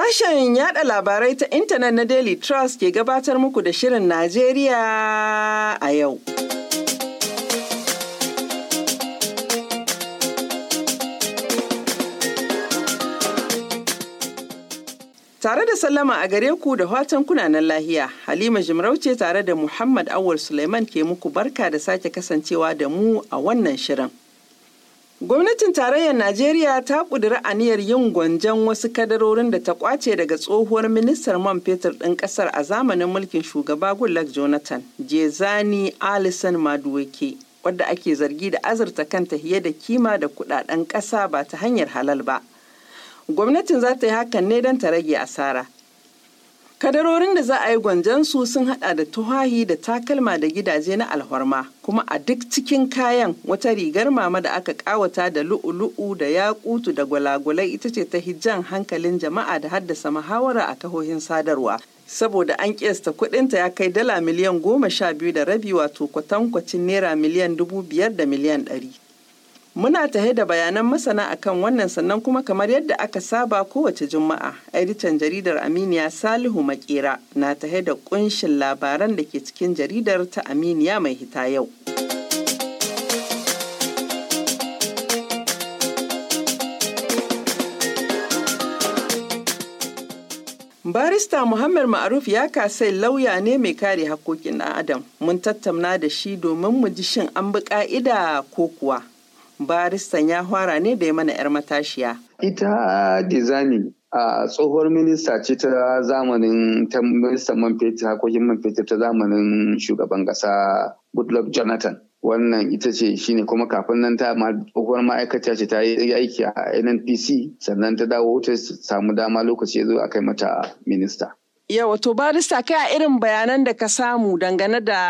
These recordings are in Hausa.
Sashen yada labarai ta intanet na Daily Trust ke gabatar muku da Shirin Najeriya a yau. Tare da sallama a gare ku da watan kunanan lahiya, Halima Jimarauce tare da Muhammad Awul Suleiman ke muku barka da sake kasancewa da mu a wannan shirin. Gwamnatin tarayyar Najeriya ta ƙudiri aniyar yin gwanjan wasu kadarorin da ta kwace daga tsohuwar ministar man fetur ɗin ƙasar a zamanin mulkin shugaba Goodluck Jonathan, Jezani Alison Maduweke, wadda ake zargi da azurta kanta fiye da kima da kuɗaɗen ƙasa ba ta hanyar halal ba. Gwamnatin za ta yi hakan ne don ta rage asara. Kadarorin da za a yi su sun hada da tuhahi da takalma da gidaje na alhorma, kuma a duk cikin kayan wata rigar mama da aka kawata da lu'u-lu'u da yakutu da gwalagwalai ita ce ta hijjan hankalin jama'a da haddasa muhawara a kahohin sadarwa. Saboda an kesta kudinta ya kai dala miliyan goma sha biyu da rabi wato kwatankwacin naira miliyan dubu biyar da miliyan ɗari. Muna tahe da bayanan masana akan wannan sannan kuma kamar yadda aka saba kowace juma'a, editan jaridar Aminiya Salihu Makera na tahe da kunshin labaran da ke cikin jaridar ta Aminiya mai hita yau. Barista Muhammad Ma'aruf ya kasai lauya ne mai kare hakokin ɗan Adam. Mun tattauna da shi domin mu ji shin an bi ƙa'ida ko kuwa. baristan ya fara ne da ya mana 'yar matashiya. Ita ah, Dizani a ah, tsohuwar minista ce ta zamanin ta ministan man fetur hakokin man fetur ta zamanin shugaban kasa Goodluck Jonathan. wannan ita ce shine kuma kafin nan ta tsohuwar ma'aikata ce ta yi aiki a nnpc sannan ta dawo ta samu dama lokaci ya zo a kai mata minista yau wato barista kai a irin bayanan da ka samu dangane da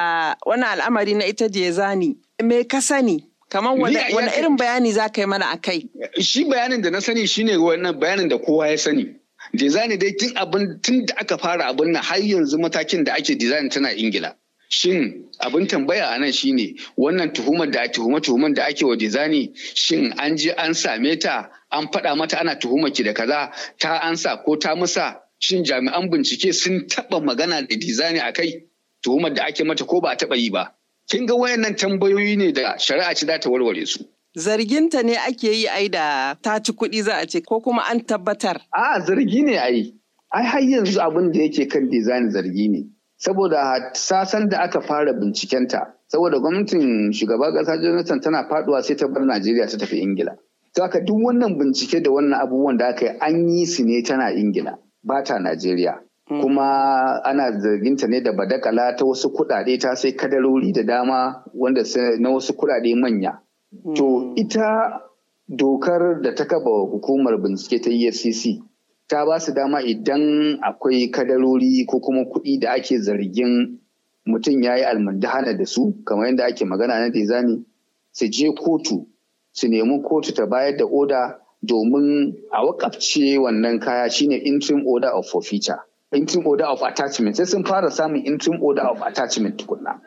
wani al'amari na ita je zani me ka sani Kamar wani irin bayani za ka yi mana a kai? Shi bayanin da na sani shi shine wannan bayanin da kowa ya sani. Design dai tun abin tun da aka fara abin nan har yanzu matakin da ake design tana Ingila. Shin abin tambaya a nan shine wannan tuhumar da tuhuma tuhuman da ake wa dizani shin an je an same ta an faɗa mata ana tuhumar ki da kaza ta ansa ko ta musa shin jami'an bincike sun taɓa magana da dizani a kai tuhumar da ake mata ko ba a taɓa yi ba. Kin ga wayannan tambayoyi ne da shari'a ce za ta warware su. Zarginta ne ake yi ai da ta ci kuɗi za a ce ko kuma an tabbatar. A zargi ne ai. Ai har yanzu abin da yake kan design zargi ne. Saboda sasan da aka fara binciken ta, saboda gwamnatin shugaban ƙasa Jonathan tana faduwa sai ta bar Najeriya ta tafi Ingila. Saka duk wannan bincike da wannan abubuwan da aka yi an yi su ne tana Ingila, ba ta Najeriya. Mm. kuma ana zarginta ne da badakala ta wasu kuɗaɗe ta sai kadarori da dama wanda na wasu kuɗaɗe manya. Mm. To ita dokar da ta kaba hukumar bincike ta EFCC ta ba su dama idan akwai kadarori ko kuma kuɗi da ake zargin mutum ya yi almundahana da su kamar yadda ake magana na zani su je kotu su nemi kotu ta bayar da oda domin a wakafce wannan kaya shine interim order of forfeiture. intin order of attachment sai sun fara samun intin order of attachment tukunna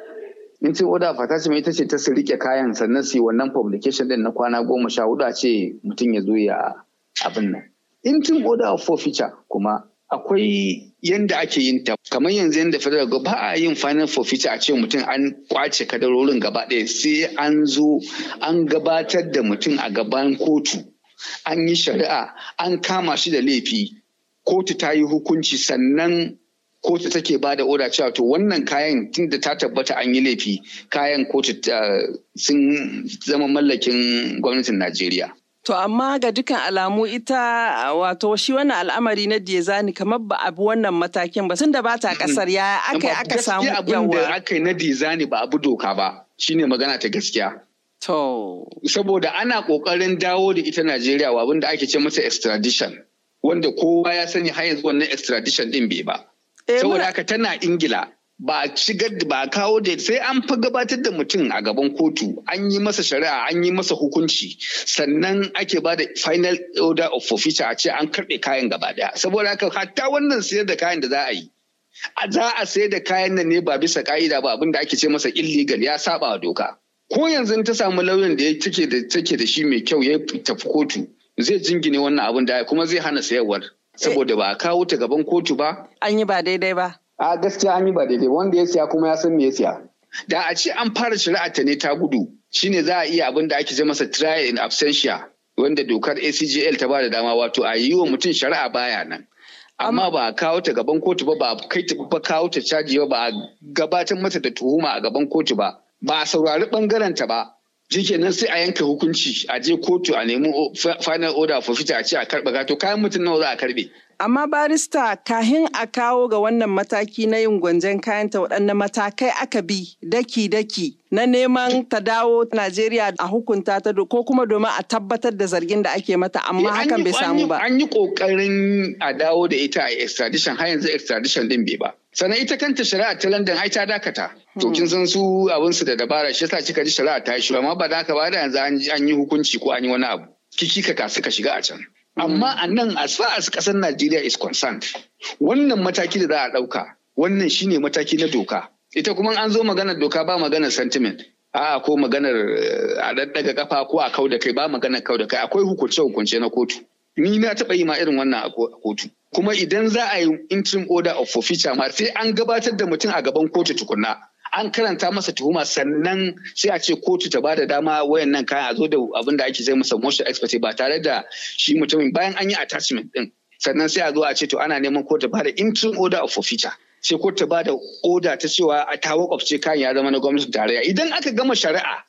intin order of attachment ita ce ta su rike kayan sannan su yi wannan publication din na kwana goma sha hudu a ce mutum ya zo ya abin nan intin order of forfeiture kuma akwai yanda ake yin ta kamar yanzu yanda federal go ba a yin final forfeiture a ce mutum an kwace kadarorin gaba ɗaya sai an zo an gabatar da mutum a gaban kotu an yi shari'a an kama shi da laifi kotu ta yi hukunci sannan kotu take ba da oda cewa to wannan kayan tunda ta tabbata an yi laifi kayan kotu sun zama mallakin gwamnatin najeriya To amma ga dukan alamu ita wato shi wannan al'amari na Dezani kamar ba abu wannan matakin ba tunda ba ta kasar ya aka aka samu yawa. da aka yi na Dezani ba abu doka ba shine magana ta gaskiya. To. Saboda ana kokarin dawo da ita Najeriya wa abin da ake ce mata extradition. wanda kowa ya sani har yanzu wannan extradition din bai ba eh, saboda haka tana ingila ba shigar ba kawo da sai an fi gabatar da mutum a gaban kotu an yi masa shari'a an yi masa hukunci sannan ake ba da final order of forfeiture a ce an karɓe kayan gaba daya saboda haka hatta wannan sayar da kayan da za a yi a za a sayar da kayan nan ne ba bisa ka'ida ba abinda ake ce masa illegal ya saba doka ko yanzu ta samu lauyan da take da take da shi mai kyau ya tafi kotu zai jingine wannan abin da kuma zai hana sayarwar saboda ba a kawo ta gaban kotu ba an yi ba daidai ba a gaskiya an yi ba daidai wanda ya siya kuma ya san me ya siya da a ce an fara shari'a ta ne ta gudu shine za a iya abin da ake ce masa trial in absentia wanda dokar ACGL ta ba da dama wato a yi wa mutum shari'a baya nan amma ba a kawo ta gaban kotu ba ba a kai ta ba kawo ta caji ba ba a gabatar mata da tuhuma a gaban kotu ba ba a saurari bangaren ta ba shikenan sai a yanka hukunci a je kotu a nemi final order for fita a ce a karɓa gato kayan mutum nawa za a karɓe. Amma barista kahin a kawo ga wannan mataki na yin gwanjen kayanta waɗannan matakai aka bi daki-daki na neman ta dawo Najeriya a hukunta ta ko kuma domin a tabbatar da zargin da ake mata amma eh, hakan bai samu ba. An yi ƙoƙarin a dawo da ita a extradition har yanzu extradition din bai ba. sannan ita kanta shari'a ta london ai ta dakata to kin san su abun su da dabara shi yasa kika ji shari'a ta shi amma ba da haka ba da yanzu an yi hukunci ko an yi wani abu kiki ka kasu ka shiga a can amma a nan as far as kasar Najeriya is concerned wannan mataki da za a ɗauka wannan shine mataki na doka ita kuma an zo maganar doka ba maganar sentiment a'a ko maganar eh, a daddaga kafa ko a kau da kai ba maganar kau da kai akwai hukunce hukunce na kotu ni na taba yi ma irin wannan a kotu kuma idan za a yi interim order of forfeiture ma sai an gabatar da mutum a gaban kotu tukunna an karanta masa tuhuma sannan sai a ce kotu ta bada dama wayannan kayan a zo da abin da ake zai masa motion expert ba tare da shi mutumin bayan an yi attachment din sannan sai a zo a ce to ana neman kotu bada interim order of forfeiture sai kotu ta bada order ta cewa a ta ce kayan ya zama na gwamnatin tarayya idan aka gama shari'a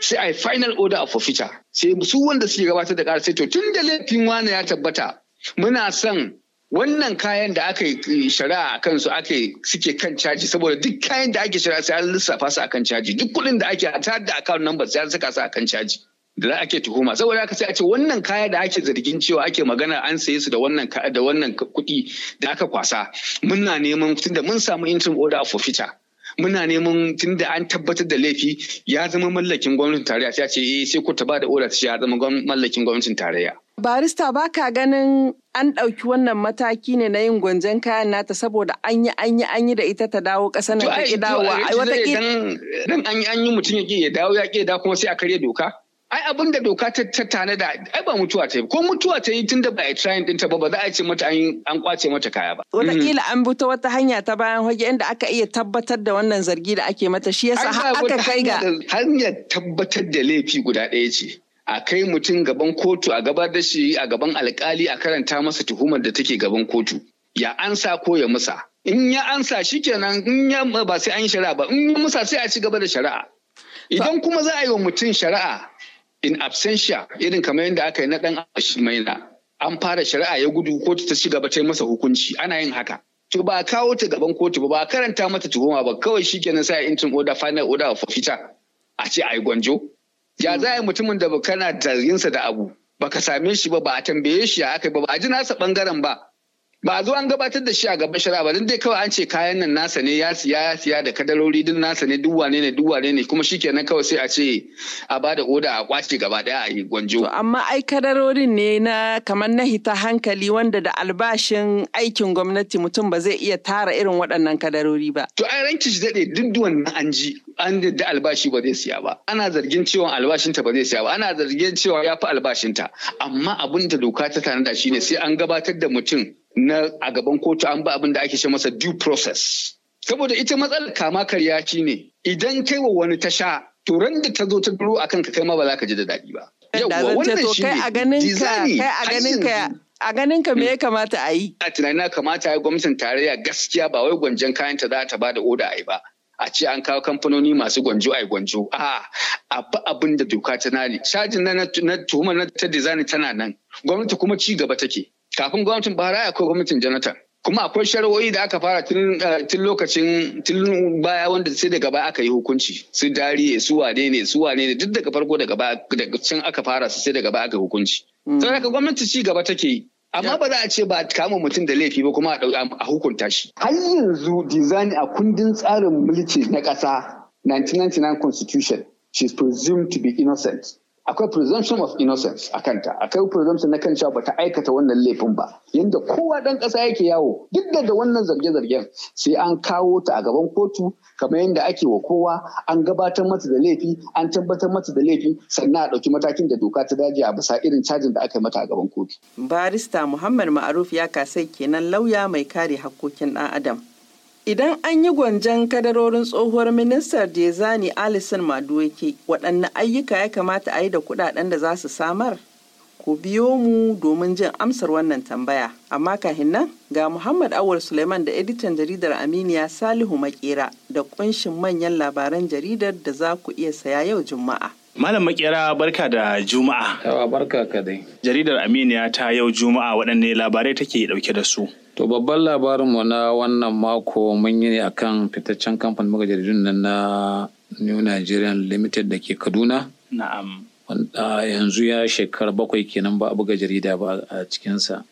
sai a yi final order of forfeiture sai su wanda suke gabatar da ƙara sai to tun da laifin wani ya tabbata muna son wannan kayan da aka yi eh, shari'a a kansu ake suke kan caji saboda duk kayan da ake shari'a sai an lissafa su kan caji duk kuɗin da ake ta da account number sai an saka su kan caji da za ake tuhuma saboda haka sai a ce wannan kaya da ake zargin cewa ake magana an saye su da wannan da wannan kuɗi da aka kwasa muna neman tunda mun samu interim order of forfeiture muna neman tunda an tabbatar da laifi ya zama mallakin gwamnatin tarayya sai a ce eh sai ku ta ba da order ta ya zama mallakin gwamnatin tarayya Barista ba ka ganin an ɗauki wannan mataki ne na yin gwanjan kayan nata saboda an yi an yi an yi da ita ta dawo ƙasa na ta ƙi dawowa. Dan an yi an yi mutum ya ƙi ya dawo ya ƙi ya dawo kuma sai a karya doka. Ai abin da doka ta tattana da ai ba mutuwa ta yi ko mutuwa ta yi tun da ba a din ta ba ba za a ce mata an an kwace mata kaya ba. Wataƙila mm-hmm. an bi ta wata hanya ta bayan hoge inda aka iya tabbatar da wannan zargi da ake mata shi yasa aka kai ga. Hanyar tabbatar da laifi guda ɗaya ce. a kai mutum gaban kotu a gabar da shi a gaban alkali a karanta masa tuhumar da take gaban kotu ya ansa ko ya musa in ya ansa shikenan in ya ba sai an yi shari'a ba in ya musa sai a ci gaba da shari'a idan kuma za a yi wa mutum shari'a in absentia irin kamar yadda aka yi na dan maina an fara shari'a ya gudu kotu ta ci gaba ta yi masa hukunci ana yin haka to ba kawo ta gaban kotu ba ba a karanta mata tuhuma ba kawai shikenan sai a intin order final order of fita a ce ai gwanjo ya za a yi mutumin da kana zarginsa da abu baka same shi ba ba a tambaye shi ya aka ba ba a ji nasa bangaren ba ba a zo an gabatar da shi a gaban shari'a ba don dai kawai an ce kayan nan nasa ne ya siya ya siya da kadarori din nasa ne duk wane ne duk wane ne kuma shi kenan kawai sai a ce a ba da oda a kwace gaba daya a yi gwanjo to amma ai kadarorin ne na kamar na hita hankali wanda da albashin aikin gwamnati mutum ba zai iya tara irin waɗannan kadarori ba to ai ranki shi daɗe duk na an ji an da albashi ba zai siya ba ana zargin cewa albashinta ba zai siya ba ana zargin cewa ya fi albashinta amma abin da doka ta tanada shine sai an gabatar da mutum na a gaban kotu an ba abin da ake ce masa due process. Saboda ita matsalar kama karya shi ne idan kai wa wani ta sha to ran da ta zo ta duro a ka kai ma ba za ka ji da daɗi ba. a ganin ka me ya kamata a yi? A tunanin kamata ya gwamnatin tarayya gaskiya ba wai gwanjan kayan ta za ta ba da oda a yi ba. a ce an kawo kamfanoni masu gwanjo a gwanjo a abu abin da doka ta nani Shajin na tuhumar na ta dizani tana nan gwamnati kuma ci gaba take kafin gwamnatin ya ko gwamnatin Jonathan. Kuma akwai sharwoyi da aka fara eh, tun lokacin tun baya wanda sai daga baya aka yi hukunci su dariye su wane ne su wane ne duk daga farko daga daga can aka fara su sai daga baya aka yi hukunci. Mm. Sai haka gwamnati ci gaba take yi. Amma ba za a ce ba kama mutum da laifi ba kuma a hukunta shi. Har yanzu dizani a kundin tsarin mulki na ƙasa 1999 constitution she is presumed to be innocent. akwai presumption of innocence a kanta akwai presumption na kan cewa bata aikata wannan laifin ba Yadda kowa ɗan ƙasa yake yawo duk da wannan zarge-zargen sai an kawo ta a gaban kotu kamar yadda ake wa kowa an gabatar mata da laifi an tabbatar mata da laifi sannan a ɗauki matakin da doka ta daji a bisa irin cajin da aka mata a gaban kotu barista muhammad ma'aruf ya kasai kenan lauya mai kare hakkokin ɗan adam Idan an yi gwanjan kadarorin tsohuwar ministar Dezani Alison Madueke, waɗanne ayyuka ya kamata a yi da kuɗaɗen da za su samar? Ku biyo mu domin jin amsar wannan tambaya. Amma kahin nan ga Muhammad Awar Suleiman da editan jaridar Aminiya Salihu Makera da ƙunshin manyan labaran jaridar da za ku iya saya yau Juma'a. Malam Makera barka da Juma'a. Yawa barka ka dai. Jaridar Aminiya ta yau Juma'a waɗanne labarai take ɗauke da su. To babban labarinmu na wannan mako mun yi ne akan fitaccen kamfanin muka jaridun nan na New Nigerian Limited da ke Kaduna. Na'am. Wanda yanzu ya shekara bakwai kenan ba a buga jarida ba a cikinsa.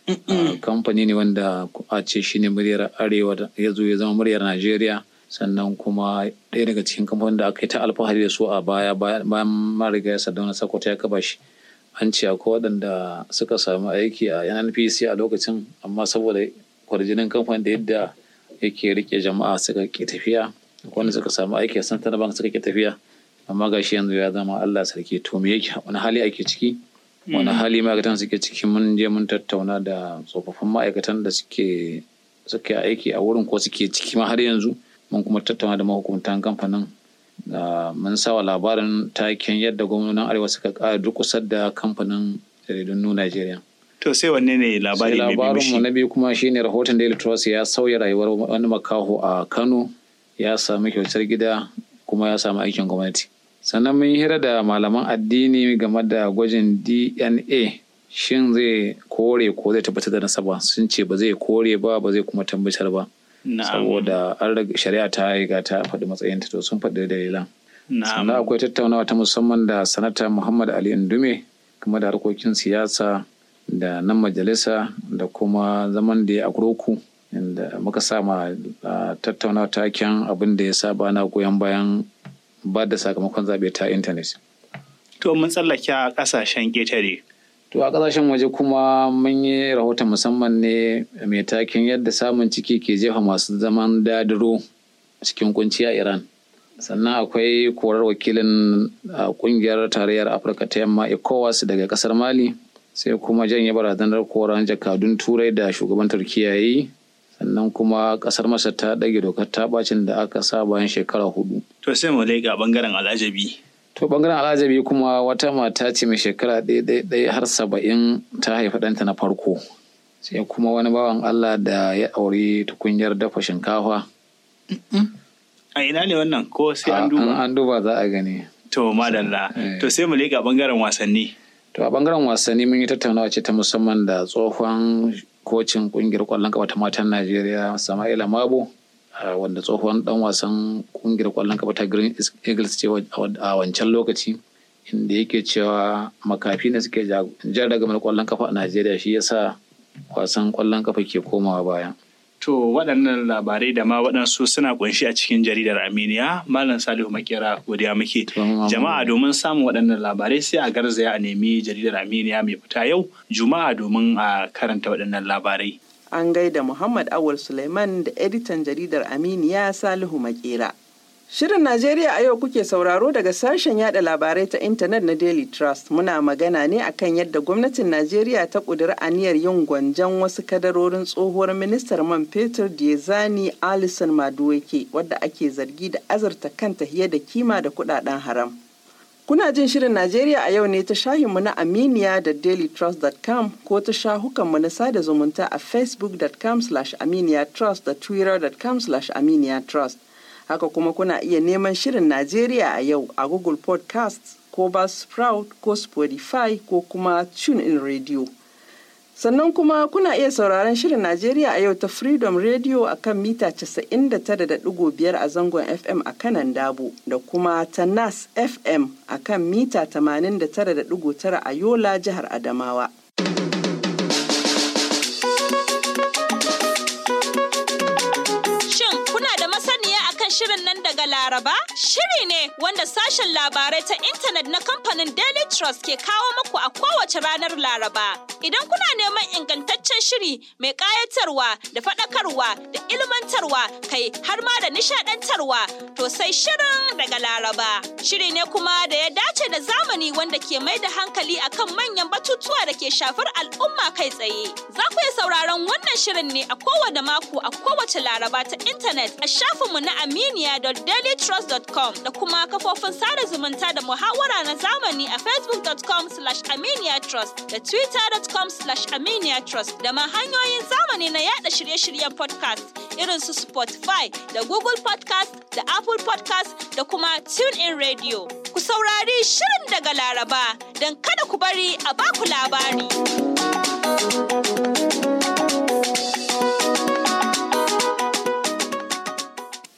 Kamfani ne wanda a ce shi ne muryar Arewa ya zo ya zama muryar Najeriya sannan kuma ɗaya daga cikin kamfanin da aka yi ta alfahari da su a baya bayan mariga ya sadauna sakoto ya kaba shi an ce akwai waɗanda suka samu aiki a nnpc a lokacin amma saboda kwarjinin kamfanin da yadda yake rike jama'a suka ke tafiya wanda suka samu aiki a santana bank suka ke tafiya amma gashi yanzu ya zama allah sarki to me yake wani hali ake ciki wani hmm. hali ma'aikatan suke ciki mun je mun tattauna da tsofaffin ma'aikatan da suke suke aiki a wurin ko suke ciki ma har yanzu mun kuma tattauna da mahukuntan kamfanin ah, mun sawa labarin taken yadda gwamnonin arewa suka ƙara durƙusar da kamfanin jaridun nu Najeriya. To sai wanne ne labari labarin mu na biyu kuma shine rahoton Daily Trust ya sauya rayuwar wani makaho a Kano ya sami kyautar gida kuma ya samu aikin gwamnati. Sannan mun hira da malaman addini game da gwajin DNA shin zai kore ko zai tabbatar da nasaba sun ce ba zai kore ba ba zai kuma tabbatar ba. saboda an shari'a ta riga ta faɗi matsayinta to sun faɗi dalilan sannan akwai tattaunawa ta musamman da sanata muhammad ali indume kuma da harkokin siyasa da nan majalisa da kuma zaman da ya akroku inda muka sama tattaunawa taken abin da ya saba na goyon bayan ba da sakamakon zaɓe ta intanet to mun tsallake a ƙasashen ƙetare To a ƙasashen waje kuma mun yi rahoton musamman ne mai takin yadda samun ciki ke jefa masu zaman dadiro cikin kunci a Iran. Sannan akwai korar wakilin ƙungiyar tarayyar Afirka ta yamma ECOWAS daga ƙasar Mali, sai kuma janye barazanar koran jakadun Turai da shugaban Turkiyya yi sannan kuma kasar masar ta ɗage dokar ta bacin da aka sa bayan shekara hudu. To sai mu ga bangaren al'ajabi. to bangaren al'ajabi kuma wata mata ce mai shekara ɗaya har saba'in ta haifa ɗanta na farko sai kuma wani bawan allah da ya auri tukunyar dafa shinkafa a ina ne wannan ko sai an duba an duba za a gani to madalla eh. to sai mu leƙa bangaren wasanni to a bangaren wasanni mun yi tattaunawa ce ta musamman da tsohon kocin kungiyar kwallon kafa ta matan najeriya sama'ila mabu. wanda tsohon dan wasan kungiyar kwallon kafa ta Green Eagles ce a wancan lokaci inda yake cewa makafi ne suke jan ragamar kwallon kafa a Najeriya shi yasa wasan kwallon kafa ke komawa baya. To waɗannan labarai da ma waɗansu suna ƙunshi a cikin jaridar Aminiya, Malam Salihu Makera godiya muke. Jama'a domin samun waɗannan labarai sai a garzaya a nemi jaridar Aminiya mai fita yau, Juma'a domin a karanta waɗannan labarai. An gaida Muhammad Awul Suleiman da editan jaridar Aminiya Salihu Makera. Shirin Najeriya a yau kuke sauraro daga sashen yada labarai ta intanet na Daily Trust muna magana ne akan yadda gwamnatin Najeriya ta ƙudiri aniyar yin gwanjan wasu kadarorin tsohuwar ministar man fetur Diezani Alison Maduweke wadda ake zargi da azurta kanta hiye da kima da kudaden haram. Kuna jin shirin Najeriya a yau ne ta shahinmu na Aminiya da dailytrust.com ko ta shahukanmu na sada zumunta a facebook.com aminiyatrust da twitter.com aminiyatrust. Haka kuma kuna iya neman shirin Najeriya a yau a Google Podcasts ko Buzzsprout ko Spotify ko kuma TuneIn Radio. Sannan kuma kuna iya sauraron shirin Najeriya a yau ta Freedom Radio a kan mita 99.5 a zangon FM a kanan Dabo da kuma ta Nas FM a kan mita 89.9 a Yola jihar Adamawa. Shin kuna da masaniya akan shirin nan daga Laraba? Shiri ne wanda sashen labarai ta intanet na kamfanin Daily Trust ke kawo maku a kowace ranar Laraba. Idan kuna neman ingantaccen shiri mai ƙayatarwa da faɗakarwa da ilmantarwa kai har ma da nishaɗantarwa to sai shirin daga Laraba. Shiri ne kuma da ya dace da zamani wanda ke mai da hankali akan manyan batutuwa da ke shafar al'umma kai tsaye. Za ku iya sauraron wannan shirin ne a kowane mako a kowace Laraba ta intanet a shafinmu na aminiya.dailytrust.com da kuma kafofin sada zumunta da muhawara na zamani a facebook.com/aminiya da twitter.com Kom/Aminia aminiatrust da ma hanyoyin zamani na yada shirye-shiryen podcast irin su Spotify da Google podcast da Apple podcast da kuma TuneIn Radio. Ku saurari shirin daga Laraba don kada ku bari a baku labari.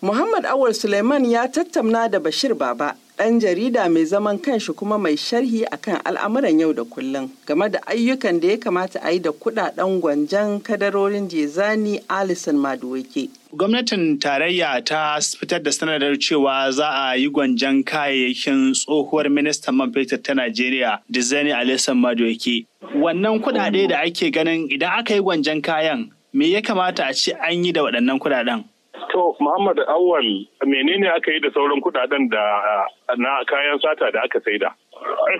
Muhammad Awar Suleiman ya tattamna da Bashir Baba ɗan jarida mai zaman kanshi kuma mai sharhi akan al'amuran yau da kullum game da ayyukan da ya kamata a yi da kudaden gwanjan kadarorin jezani alison maduweke gwamnatin tarayya ta fitar da sanadar cewa za a yi gwanjan kayayyakin tsohuwar ministan man fetur ta najeriya dizani alison maduweke wannan kudade da ake ganin idan aka yi gwanjan kayan me ya kamata a ce an yi da waɗannan kudaden To Muhammad Awal menene aka yi da sauran kudaden da na kayan sata da aka saida?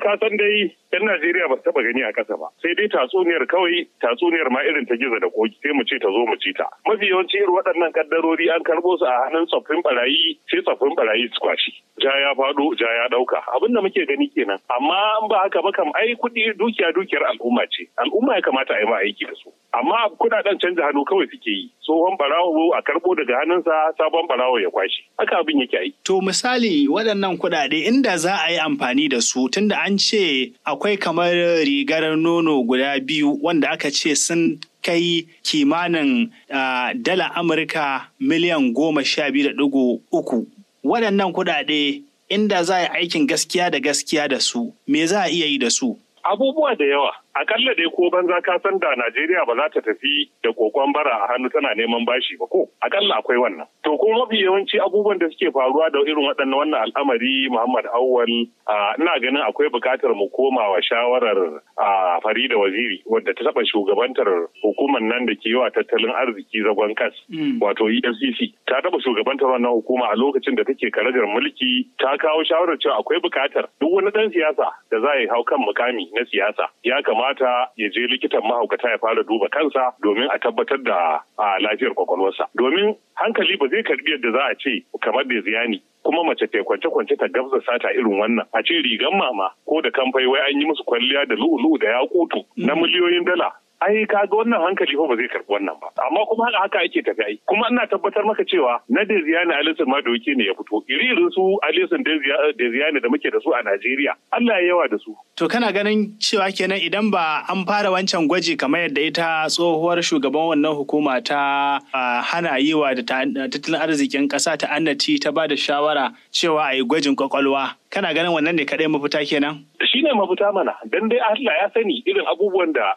Ka san dai 'yan Najeriya ba taba gani a ƙasa ba sai dai tatsuniyar kawai tatsuniyar ma irin ta gizo da koki sai mu ce ta zo mu ci ta mafi yawanci irin waɗannan kaddarori an karɓo su a hannun tsoffin barayi sai tsoffin barayi su kwashi ja ya faɗo ja ya ɗauka abin da muke gani kenan amma in ba haka ba kam ai kuɗi dukiya dukiyar al'umma ce al'umma ya kamata a yi ma aiki da su amma kuɗaɗen canza hannu kawai suke yi tsohon barawo a karɓo daga hannunsa sabon barawo ya kwashi haka abin yake ayi to misali waɗannan kuɗaɗe inda za a yi amfani da su tunda an ce akwai akwai kamar rigar nono guda biyu wanda aka ce sun kai kimanin dala Amurka miliyan goma sha biyu da ɗigo uku. Waɗannan kuɗaɗe inda za a yi aikin gaskiya da gaskiya da su, me za a iya yi da su? Abubuwa da yawa. akalla dai ko banza ka san da Najeriya ba za ta tafi da kokon bara a hannu tana neman bashi ba ko akalla akwai wannan to kuma mafi yawanci abubuwan da suke faruwa da irin waɗannan wannan al'amari Muhammad Awwal ina ganin akwai buƙatar mu koma wa shawarar Farida Waziri wadda ta taɓa shugabantar hukumar nan da ke yawa tattalin arziki zagon kas hmm. wato EFCC ta taɓa shugabantar wannan hukuma a lokacin da take karagar mulki ta kawo shawarar cewa akwai buƙatar duk wani ɗan siyasa da za ya hau kan mukami na siyasa ya kamata kamata ya je likitan mahaukata ya fara duba kansa domin a tabbatar da lafiyar kwakwalwarsa domin hankali ba zai karbi yadda za a ce kamar da ziyani kuma mace ta kwance kwance ta gabza sata irin wannan a ce rigan mama ko da kamfai wai an yi musu kwalliya da lu'u-lu'u da yakutu na miliyoyin dala ai ka ga wannan hankali ba zai karbi wannan ba amma kuma haka haka ake tafi kuma ina tabbatar maka cewa na Deziyani Alisun doki ne ya fito iri su Alisun eh, Deziyani da muke da su a Najeriya Allah ya yawa da su to kana ganin cewa kenan idan ba an fara wancan gwaji kamar yadda ita tsohuwar shugaban wannan hukuma ta ah, hana yiwa da tattalin arzikin ƙasa ta annati ta ba da shawara cewa a yi gwajin kwakwalwa kana ganin wannan ne kaɗai mafita kenan? Shi ne mafita mana don dai Allah ya sani irin abubuwan da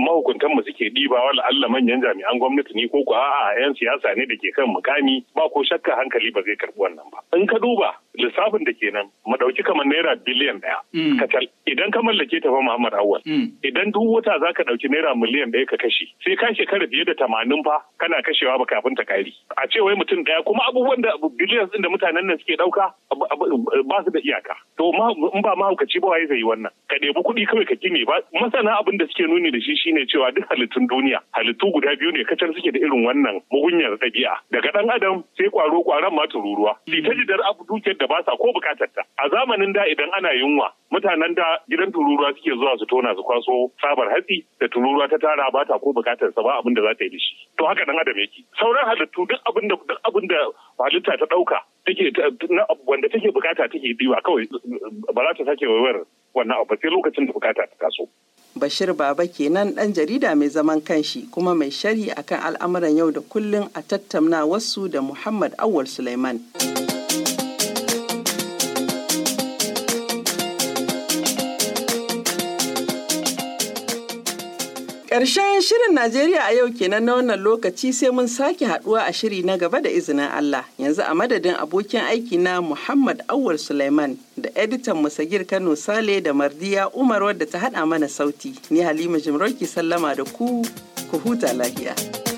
mahukuntan mu suke diba wala Allah manyan jami'an gwamnati ne ko ko a'a 'yan siyasa ne da ke kan mukami ba ko shakka hankali ba zai karɓi wannan ba. In ka duba lissafin da kenan mu ɗauki kamar naira biliyan daya mm. kacal idan ka mallake ta fa Muhammad Awwal mm. idan duk wata zaka dauki naira miliyan daya ka kashe sai ka shekara fiye da tamanin fa kana kashewa ba kafin ta kari a ce wai mutum daya kuma abubuwan da biliyan din da mutanen nan suke dauka ba su da iyaka to in ba mahaukaci ba waye zai yi wannan ka debi kuɗi kawai ka kine ba masana abin da suke nuni da shi shine cewa duk halittun duniya halittu guda biyu ne kacal suke da irin wannan mugunyar ɗabi'a daga ɗan adam sai kwaro kwaron ma tururuwa. Sai mm. ta jidar abu da ba sa ko bukatar ta a zamanin da idan ana yunwa mutanen da gidan tururuwa suke zuwa su tona su kwaso sabar hatsi da tururuwa ta tara ba ta ko bukatar sa ba abin da za ta yi da shi to haka dan adam yake sauran halittu duk abin da duk abin da halitta ta dauka take wanda take bukata take biwa kawai ba za ta sake wayar wannan abu sai lokacin da bukata ta taso Bashir Baba kenan ɗan jarida mai zaman kanshi kuma mai sharhi akan al'amuran yau da kullun a tattauna wasu da Muhammad Awal Sulaiman. Ƙarshen shirin Najeriya a yau kenan na wannan lokaci sai mun sake haduwa a shiri na gaba da izinin Allah. Yanzu a madadin abokin aiki na Muhammad Awul Suleiman da editan Musagir Kano Sale da Mardiya Umar wadda ta haɗa mana sauti. Ni Halima Jimroki sallama da ku, ku huta lafiya.